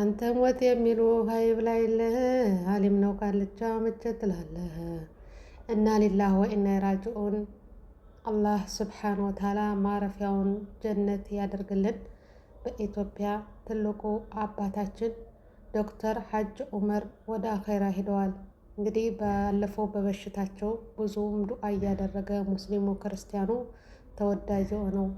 አንተ ሞት የሚሉ ሀይብ ለህ አሊም ነው ቃልቻ መቼ ትላለህ? እና ሊላህ ወኢና ራጅዑን አላህ ስብሓን ወታላ ማረፊያውን ጀነት ያደርግልን። በኢትዮጵያ ትልቁ አባታችን ዶክተር ሀጅ ዑመር ወደ አኼራ ሂደዋል። እንግዲህ ባለፈው በበሽታቸው ብዙም ዱዓ እያደረገ ሙስሊሙ ክርስቲያኑ ተወዳጅ ሆነው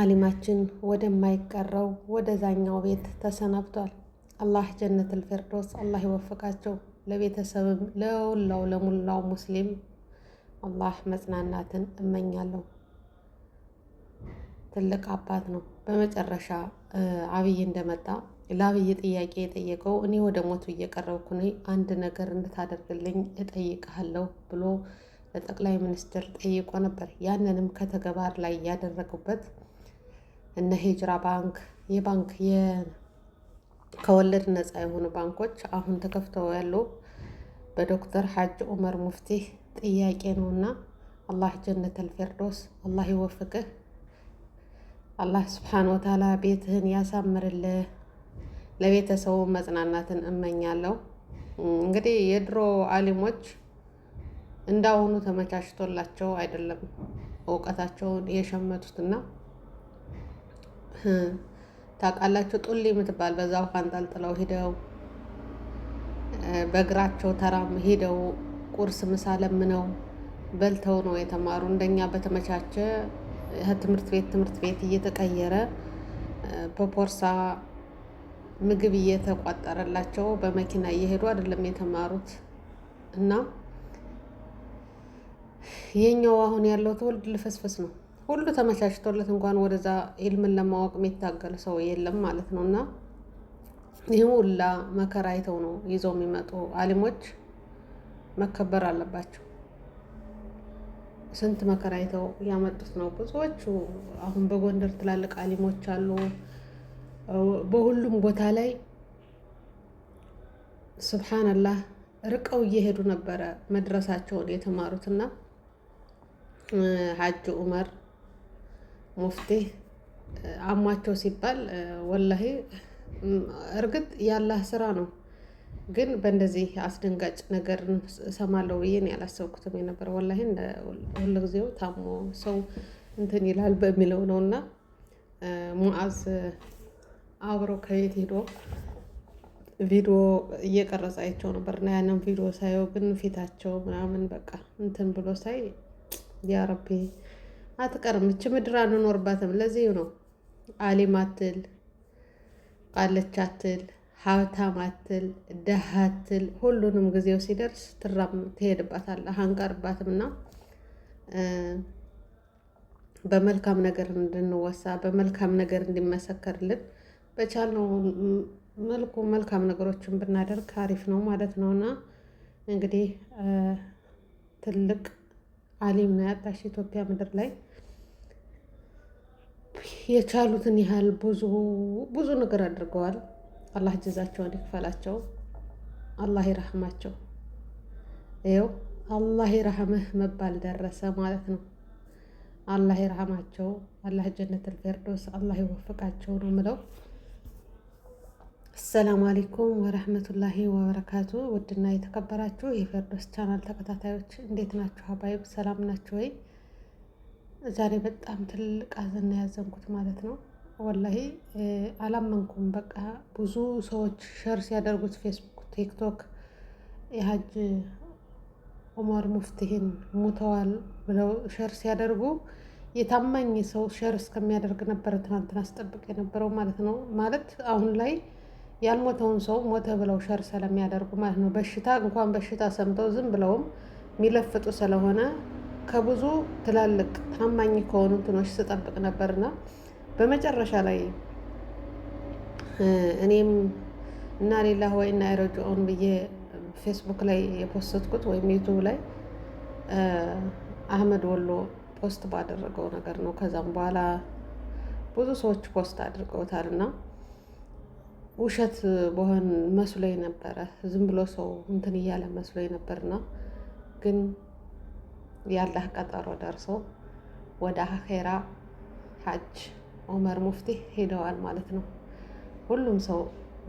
አሊማችን ወደማይቀረው ወደዛኛው ቤት ተሰናብቷል። አላህ ጀነት ፊርዶስ አላህ ይወፍቃቸው። ለቤተሰብም ለውላው ለሙላው ሙስሊም አላህ መጽናናትን እመኛለሁ። ትልቅ አባት ነው። በመጨረሻ አብይ እንደመጣ ለአብይ ጥያቄ የጠየቀው እኔ ወደ ሞቱ እየቀረብኩ ነኝ፣ አንድ ነገር እንድታደርግልኝ እጠይቅሃለሁ ብሎ ለጠቅላይ ሚኒስትር ጠይቆ ነበር። ያንንም ከተግባር ላይ ያደረጉበት እነ ሂጅራ ባንክ የባንክ ከወለድ ነፃ የሆኑ ባንኮች አሁን ተከፍተው ያሉ በዶክተር ሀጅ ኡመር ሙፍቲ ጥያቄ ነውና አላህ ጀነተል ፊርዶስ አላህ ይወፍቅህ። አላህ ስብሓን ወታላ ቤትህን ያሳምርልህ። ለቤተሰቡ መጽናናትን እመኛለሁ። እንግዲህ የድሮ አሊሞች እንዳሁኑ ተመቻችቶላቸው አይደለም እውቀታቸውን የሸመቱትና ታውቃላችሁ፣ ጡል የምትባል በዛ ውሃ አንጠልጥለው ሂደው በእግራቸው ተራም ሂደው ቁርስ ምሳ ለምነው በልተው ነው የተማሩ። እንደኛ በተመቻቸ ትምህርት ቤት ትምህርት ቤት እየተቀየረ በፖርሳ ምግብ እየተቋጠረላቸው በመኪና እየሄዱ አይደለም የተማሩት እና የኛው አሁን ያለው ትውልድ ልፈስፈስ ነው። ሁሉ ተመቻችቶለት እንኳን ወደዛ ህልምን ለማወቅ የሚታገል ሰው የለም ማለት ነው። እና ይህም ሁላ መከራ አይተው ነው ይዘው የሚመጡ አሊሞች መከበር አለባቸው። ስንት መከራ አይተው ያመጡት ነው። ብዙዎቹ አሁን በጎንደር ትላልቅ አሊሞች አሉ። በሁሉም ቦታ ላይ ስብሓንላህ ርቀው እየሄዱ ነበረ መድረሳቸውን የተማሩትና ሀጅ ዑመር ሙፍቲ አሟቸው ሲባል ወላሂ እርግጥ ያላህ ስራ ነው፣ ግን በእንደዚህ አስደንጋጭ ነገር እሰማለሁ ብዬ ነው ያላሰብኩትም የነበር። ወላሂ ሁልጊዜው ታሞ ሰው እንትን ይላል በሚለው ነው እና ሙዓዝ አብሮ ከቤት ሄዶ ቪዲዮ እየቀረጸ አይቸው ነበር እና ያንን ቪዲዮ ሳየው ግን ፊታቸው ምናምን በቃ እንትን ብሎ ሳይ ያረቤ አትቀርም። እች ምድር አንኖርባትም። ለዚህ ነው አሊም አትል፣ ቃለች አትል፣ ሀብታም አትል፣ ደሃ አትል። ሁሉንም ጊዜው ሲደርስ ትራም ትሄድባታለህ፣ አንቀርባትም። እና በመልካም ነገር እንድንወሳ በመልካም ነገር እንዲመሰከርልን በቻልነው መልኩ መልካም ነገሮችን ብናደርግ አሪፍ ነው ማለት ነው። እና እንግዲህ ትልቅ አሊም ነው ያጣሽ ኢትዮጵያ ምድር ላይ የቻሉትን ያህል ብዙ ብዙ ነገር አድርገዋል። አላህ ጀዛቸውን ይክፈላቸው፣ አላህ ይረህማቸው። ይኸው አላህ ይረህምህ መባል ደረሰ ማለት ነው። አላህ ይረህማቸው፣ አላህ ጀነት ልፌርዶስ አላህ ይወፍቃቸው ነው ምለው። አሰላሙ አሌይኩም ወረህመቱላሂ ወበረካቱ። ውድና የተከበራችሁ የፌርዶስ ቻናል ተከታታዮች እንዴት ናችሁ? ሀባይብ ሰላም ናችሁ ወይ? ዛሬ በጣም ትልቅ ሀዘን ያዘንኩት ማለት ነው። ወላሂ አላመንኩም። በቃ ብዙ ሰዎች ሸር ሲያደርጉት ፌስቡክ፣ ቲክቶክ የሀጅ ኦማር ሙፍቲሂን ሙተዋል ብለው ሸር ሲያደርጉ የታማኝ ሰው ሸር እስከሚያደርግ ነበረ ትናንትና አስጠብቅ የነበረው ማለት ነው። ማለት አሁን ላይ ያልሞተውን ሰው ሞተ ብለው ሸር ስለሚያደርጉ ማለት ነው። በሽታ እንኳን በሽታ ሰምተው ዝም ብለውም የሚለፍጡ ስለሆነ ከብዙ ትላልቅ ታማኝ ከሆኑ እንትኖች ስጠብቅ ነበርና በመጨረሻ ላይ እኔም እና ሌላ ወይ እና አይረጅኦን ብዬ ፌስቡክ ላይ የፖስትኩት ወይም ዩቱብ ላይ አህመድ ወሎ ፖስት ባደረገው ነገር ነው። ከዛም በኋላ ብዙ ሰዎች ፖስት አድርገውታል እና ውሸት በሆን መስሎ ነበረ። ዝም ብሎ ሰው እንትን እያለ መስሎ ነበርና ግን ያላህ ቀጠሮ ደርሶ ወደ አኼራ ሀጅ ኦመር ሙፍቲ ሄደዋል ማለት ነው። ሁሉም ሰው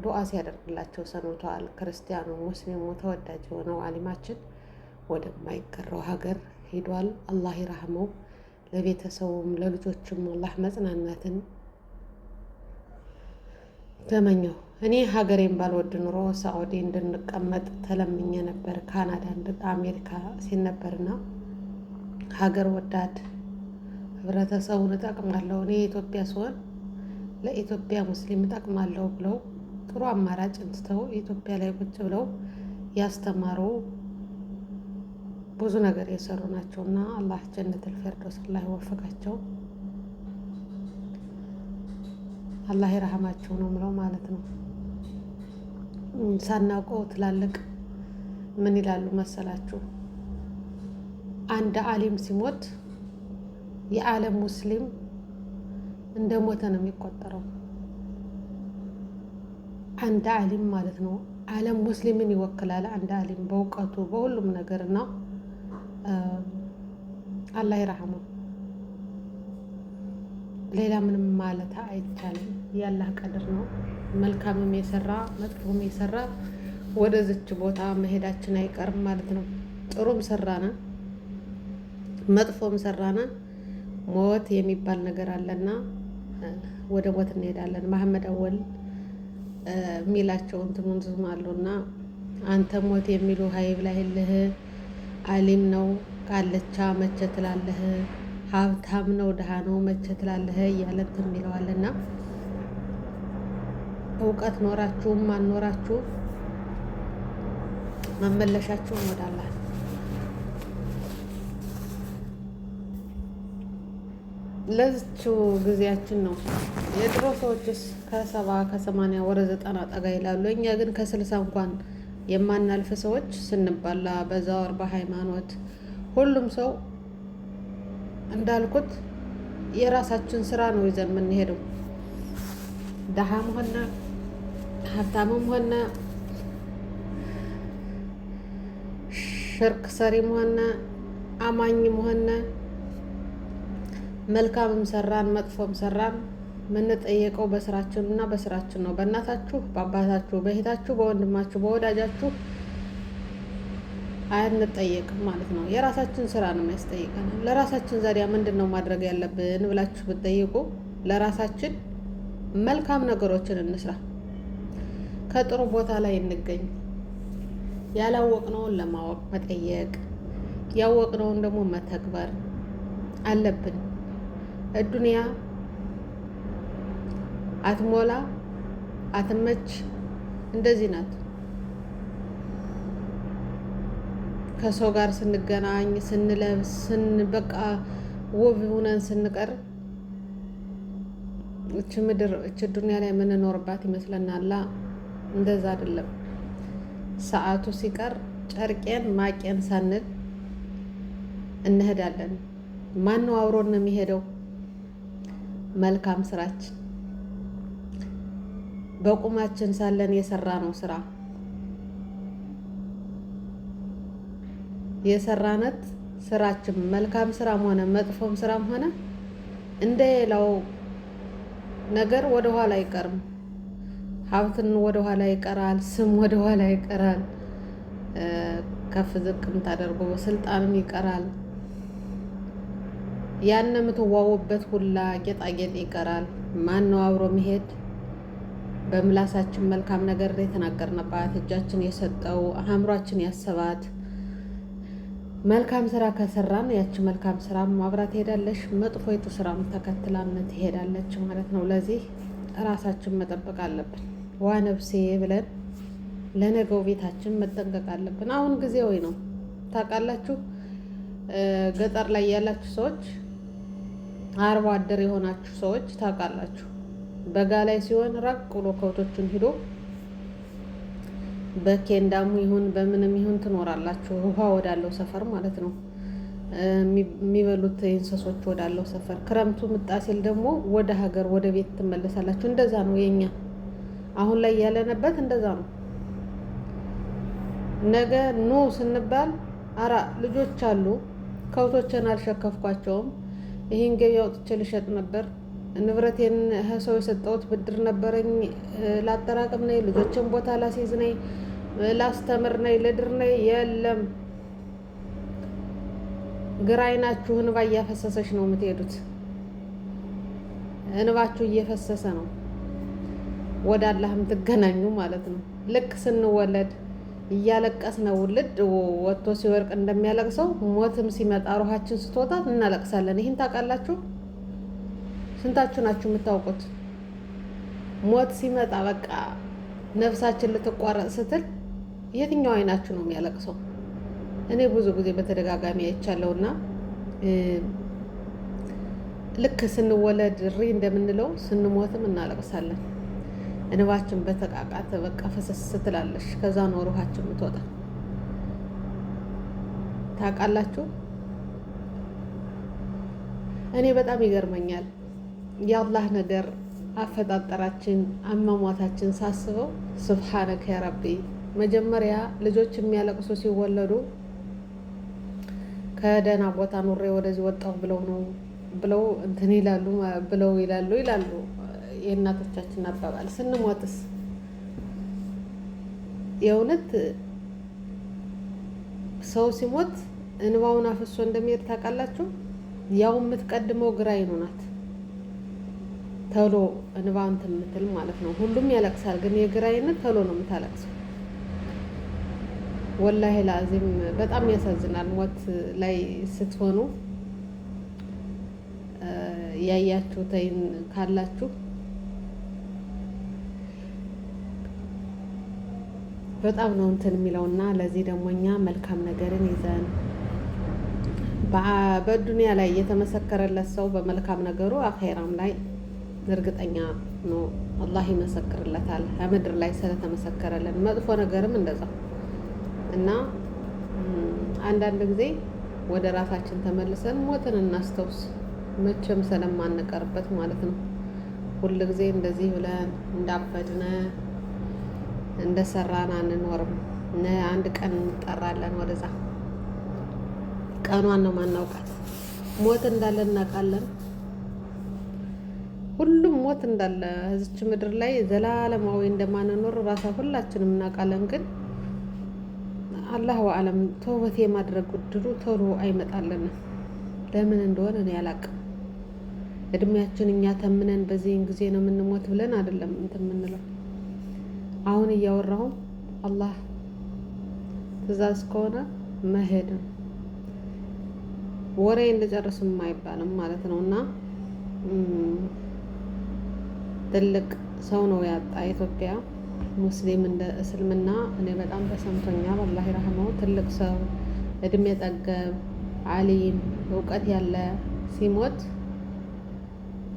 ዱዓ ሲያደርግላቸው ሰኖተዋል። ክርስቲያኑ፣ ሙስሊሙ ተወዳጅ የሆነው አሊማችን ወደማይቀረው ሀገር ሄዷል። አላህ ይራህመው። ለቤተሰቡም ለልጆችም አላህ መጽናናትን ተመኘው። እኔ ሀገሬን ባልወድ ኑሮ ሳዑዲ እንድንቀመጥ ተለምኜ ነበር። ካናዳ፣ አሜሪካ ሲል ነበርና ሀገር ወዳድ ህብረተሰቡን እጠቅማለሁ እኔ የኢትዮጵያ ሲሆን ለኢትዮጵያ ሙስሊም እጠቅማለሁ ብለው ጥሩ አማራጭ እንትተው ኢትዮጵያ ላይ ቁጭ ብለው ያስተማሩ ብዙ ነገር የሰሩ ናቸው እና አላህ ጀነተል ፊርደውስ አላህ ይወፈቃቸው፣ አላህ ይረሀማቸው ነው ምለው ማለት ነው። ሳናውቀው ትላልቅ ምን ይላሉ መሰላችሁ? አንድ አሊም ሲሞት የዓለም ሙስሊም እንደ ሞተ ነው የሚቆጠረው። አንድ አሊም ማለት ነው። ዓለም ሙስሊምን ይወክላል። አንድ አሊም በእውቀቱ በሁሉም ነገር እና አላህ ይረሐመው። ሌላ ምንም ማለት አይቻልም። ያላህ ቀድር ነው። መልካምም የሰራ መጥፎም የሰራ ወደዚች ቦታ መሄዳችን አይቀርም ማለት ነው። ጥሩም ሰራነ መጥፎም ሰራነ ሞት የሚባል ነገር አለና ወደ ሞት እንሄዳለን። መሐመድ አወል የሚላቸው እንትኑን ዝም አሉና አንተ ሞት የሚሉ ሀይብ ላይ ልህ አሊም ነው ቃልቻ መቼ ትላለህ? ሀብታም ነው ድሃ ነው መቼ ትላለህ? እያለ እንትን የሚለዋልና እውቀት ኖራችሁም አልኖራችሁ መመለሻችሁን ወደ አላህ ለዝቹ ጊዜያችን ነው። የድሮ ሰዎችስ ከሰባ ከሰማንያ ወደ ዘጠና ጠጋ ይላሉ። እኛ ግን ከስልሳ እንኳን የማናልፍ ሰዎች ስንባላ በዛወር በሃይማኖት ሁሉም ሰው እንዳልኩት የራሳችን ስራ ነው ይዘን የምንሄደው። ደሃም ሆነ ሀብታምም ሆነ ሽርክ ሰሪም ሆነ አማኝም ሆነ መልካምም ሰራን መጥፎም ሰራን የምንጠየቀው በስራችን እና በስራችን ነው። በእናታችሁ በአባታችሁ በሄታችሁ በወንድማችሁ በወዳጃችሁ አንጠየቅም ማለት ነው። የራሳችን ስራ ነው የሚያስጠይቀን። ለራሳችን ዛዲያ ምንድን ነው ማድረግ ያለብን ብላችሁ ብትጠይቁ ለራሳችን መልካም ነገሮችን እንስራ፣ ከጥሩ ቦታ ላይ እንገኝ፣ ያላወቅነውን ለማወቅ መጠየቅ፣ ያወቅነውን ደግሞ መተግበር አለብን። እዱንያ አትሞላ አትመች፣ እንደዚህ ናት። ከሰው ጋር ስንገናኝ ስንለብስ ስንበቃ ውብ ሁነን ስንቀር እች ምድር እች ዱኒያ ላይ የምንኖርባት ይመስለናላ። እንደዛ አይደለም። ሰዓቱ ሲቀር ጨርቄን ማቄን ሳንል እንሄዳለን። ማን አብሮን ነው የሚሄደው? መልካም ስራችን በቁማችን ሳለን የሰራ ነው ስራ የሰራነት ስራችን መልካም ስራም ሆነ መጥፎም ስራም ሆነ እንደ ሌላው ነገር ወደኋላ አይቀርም። ሀብትን ወደኋላ ይቀራል። ስም ወደኋላ ይቀራል። ከፍ ዝቅም ታደርጎ ስልጣንም ይቀራል። ያን የምትዋቡበት ሁላ ጌጣጌጥ ይቀራል። ማን ነው አብሮ መሄድ? በምላሳችን መልካም ነገር የተናገርንባት እጃችን የሰጠው አእምሯችን ያሰባት መልካም ስራ ከሰራን ያችን መልካም ስራ ማብራት ትሄዳለች፣ መጥፎይቱ ስራም ተከትላን ትሄዳለች ማለት ነው። ለዚህ ራሳችን መጠበቅ አለብን። ዋ ነፍሴ ብለን ለነገው ቤታችን መጠንቀቅ አለብን። አሁን ወይ ነው ታውቃላችሁ። ገጠር ላይ ያላችሁ ሰዎች አርባ አደር የሆናችሁ ሰዎች ታውቃላችሁ። በጋ ላይ ሲሆን ራቅ ብሎ ከብቶችን ሂዶ በኬንዳሙ ይሁን በምንም ይሁን ትኖራላችሁ። ውሃ ወዳለው ሰፈር ማለት ነው፣ የሚበሉት እንስሶች ወዳለው ሰፈር። ክረምቱ ምጣ ሲል ደግሞ ወደ ሀገር ወደ ቤት ትመለሳላችሁ። እንደዛ ነው የኛ አሁን ላይ ያለንበት፣ እንደዛ ነው። ነገ ኑ ስንባል አራ ልጆች አሉ፣ ከብቶችን አልሸከፍኳቸውም ይህን ገቢ አውጥቼ ልሸጥ ነበር። ንብረቴን ሰው የሰጠሁት ብድር ነበረኝ። ላጠራቅም ነይ፣ ልጆችን ቦታ ላስይዝ ነይ፣ ላስተምር ነይ፣ ልድር ነይ። የለም ግራ አይናችሁ እንባ እያፈሰሰች ነው የምትሄዱት። እንባችሁ እየፈሰሰ ነው። ወደ አላህም ትገናኙ ማለት ነው። ልክ ስንወለድ እያለቀስ ነው ውልድ ወጥቶ ሲወርቅ እንደሚያለቅሰው ሞትም ሲመጣ ሩሃችን ስትወጣ እናለቅሳለን። ይህን ታውቃላችሁ? ስንታችሁ ናችሁ የምታውቁት? ሞት ሲመጣ በቃ ነፍሳችን ልትቋረጥ ስትል የትኛው አይናችሁ ነው የሚያለቅሰው? እኔ ብዙ ጊዜ በተደጋጋሚ እና ልክ ስንወለድ እሪ እንደምንለው ስንሞትም እናለቅሳለን። እንባችን በተቃቃተ በቃ ፈሰስ ትላለች። ከዛ ነው ሩሃችን የምትወጣ ታውቃላችሁ። እኔ በጣም ይገርመኛል የአላህ ነገር አፈጣጠራችን አሟሟታችን ሳስበው ስብሓነከ ያረቢ። መጀመሪያ ልጆች የሚያለቅሱ ሲወለዱ ከደህና ቦታ ኑሬ ወደዚህ ወጣሁ ብለው ነው ብለው እንትን ይላሉ ብለው ይላሉ ይላሉ የእናቶቻችን አባባል ስንሞትስ የእውነት ሰው ሲሞት እንባውን አፍሶ እንደሚሄድ ታውቃላችሁ። ያው የምትቀድመው ግራ አይኑ ናት። ቶሎ እንባ እንትን የምትል ማለት ነው። ሁሉም ያለቅሳል፣ ግን የግራ አይን ተሎ ነው የምታለቅሰው። ወላሂ ላዚም በጣም ያሳዝናል። ሞት ላይ ስትሆኑ ተይን ካላችሁ በጣም ነው እንትን እና ለዚህ ደግሞ እኛ መልካም ነገርን ይዘን በዱንያ ላይ የተመሰከረለት ሰው በመልካም ነገሩ አኼራም ላይ እርግጠኛ ነው አላህ ይመሰክርለታል። ከምድር ላይ ስለተመሰከረለን መጥፎ ነገርም እንደዛ እና አንዳንድ ጊዜ ወደ ራሳችን ተመልሰን ሞትን እናስተውስ፣ መቼም ስለማንቀርበት ማለት ነው ሁል ጊዜ እንደዚህ ብለን እንዳበድነ እንደሰራን አንኖርም። አንድ ቀን እንጠራለን ወደዛ። ቀኗን ነው ማናውቃት። ሞት እንዳለ እናውቃለን። ሁሉም ሞት እንዳለ እዚች ምድር ላይ ዘላለማዊ እንደማንኖር ራሳ ሁላችንም እናውቃለን። ግን አላህ ወአለም ተውበት የማድረግ ውድሩ ቶሎ አይመጣልንም። ለምን እንደሆነ እኔ አላውቅም። እድሜያችን እኛ ተምነን በዚህን ጊዜ ነው የምንሞት ብለን አይደለም እንትን የምንለው አሁን እያወራሁም አላህ ትእዛዝ ከሆነ መሄድ ወሬ እንደጨርስም አይባልም ማለት ነው። እና ትልቅ ሰው ነው ያጣ ኢትዮጵያ ሙስሊም እንደ እስልምና እኔ በጣም ተሰምቶኛል። አላህ ይረህመው። ትልቅ ሰው እድሜ ጠገብ አሊም እውቀት ያለ ሲሞት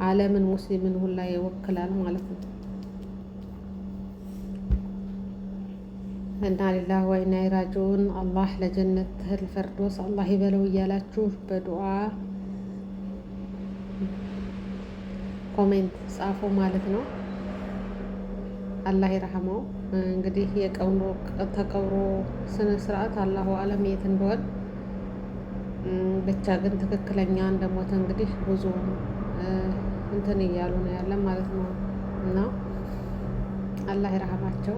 ዓለምን ሙስሊምን ሁላ ይወክላል ማለት ነው። እና ሊላህ ወይና ይራጁን አላህ ለጀነት ትህል አላህ ይበለው እያላችሁ በዱዓ ኮሜንት ጻፉ ማለት ነው። አላህ ይረሐመው። እንግዲህ የቀብሮ ተቀብሮ ስነ ስርዓት አላሁ አለም የት እንደሆን ብቻ ግን ትክክለኛ እንደሞተ እንግዲህ ብዙ እንትን እያሉ ነው ያለ ማለት ነው እና አላህ ይረሐማቸው።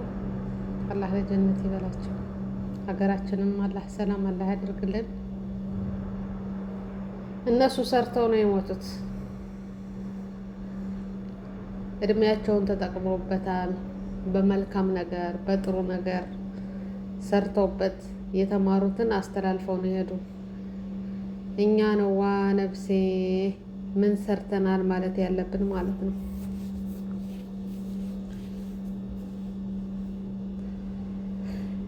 አላህ ለጀነት ይበላቸው። ሀገራችንም አላህ ሰላም አላህ ያደርግልን። እነሱ ሰርተው ነው የሞቱት። እድሜያቸውን ተጠቅመውበታል። በመልካም ነገር በጥሩ ነገር ሰርተውበት የተማሩትን አስተላልፈው ነው የሄዱ። እኛ ነዋ ነፍሴ ምን ሰርተናል ማለት ያለብን ማለት ነው።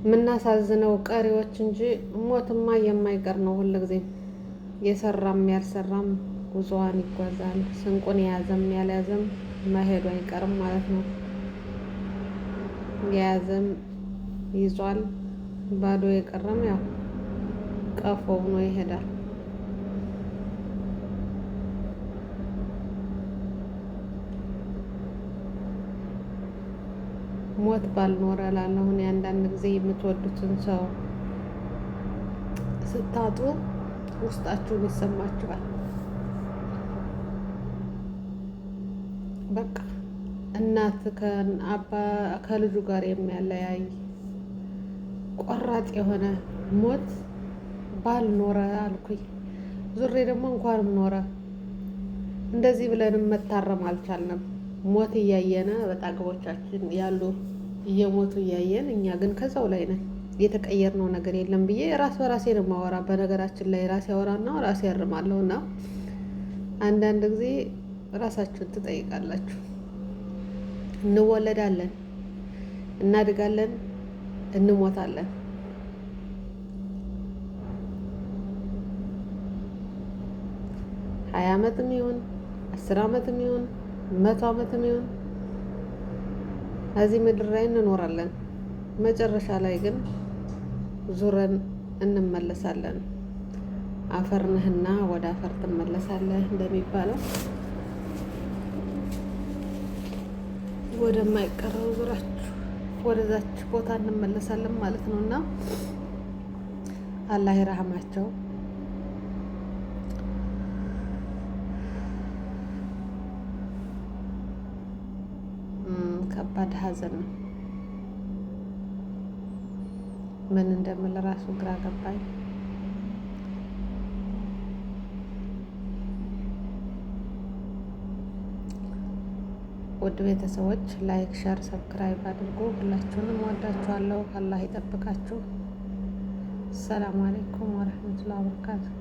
የምናሳዝነው ቀሪዎች እንጂ ሞትማ የማይቀር ነው። ሁልጊዜ የሰራም ያልሰራም ጉዞዋን ይጓዛል። ስንቁን የያዘም ያልያዘም መሄዱ አይቀርም ማለት ነው። የያዘም ይዟል፣ ባዶ የቀረም ያው ቀፎ ሆኖ ይሄዳል። ሞት ባልኖረ ላለሁን እኔ ጊዜ የምትወዱትን ሰው ስታጡ ውስጣችሁን ይሰማችኋል። በቃ እናት ከልጁ ጋር የሚያለያይ ቆራጥ የሆነ ሞት ባልኖረ አልኩኝ። ዙሬ ደግሞ እንኳንም ኖረ። እንደዚህ ብለንም መታረም አልቻልንም። ሞት እያየነ በጣቅቦቻችን ያሉ እየሞቱ እያየን እኛ ግን ከዛው ላይ ነን። የተቀየርነው ነገር የለም ብዬ ራስ በራሴ ነው ማወራ። በነገራችን ላይ ራሴ ያወራና ራሴ ያርማለሁ እና አንዳንድ ጊዜ ራሳችሁን ትጠይቃላችሁ። እንወለዳለን፣ እናድጋለን፣ እንሞታለን። ሀያ አመትም ይሁን አስር አመትም ይሁን መቶ ዓመትም ይሆን እዚህ ምድር ላይ እንኖራለን። መጨረሻ ላይ ግን ዙረን እንመለሳለን። አፈር ነህና ወደ አፈር ትመለሳለህ እንደሚባለው ወደማይቀረው ዙራችሁ ወደዛች ቦታ እንመለሳለን ማለት ነው እና አላህ ይራህማቸው። ከባድ ሀዘን ነው። ምን እንደምል ራሱ ግራ ገባኝ። ውድ ቤተሰቦች ላይክ፣ ሸር፣ ሰብስክራይብ አድርጉ። ሁላችሁንም ወዳችኋለሁ። አላህ ይጠብቃችሁ። ሰላም አሌይኩም ወረህመቱላሂ ወበረካቱ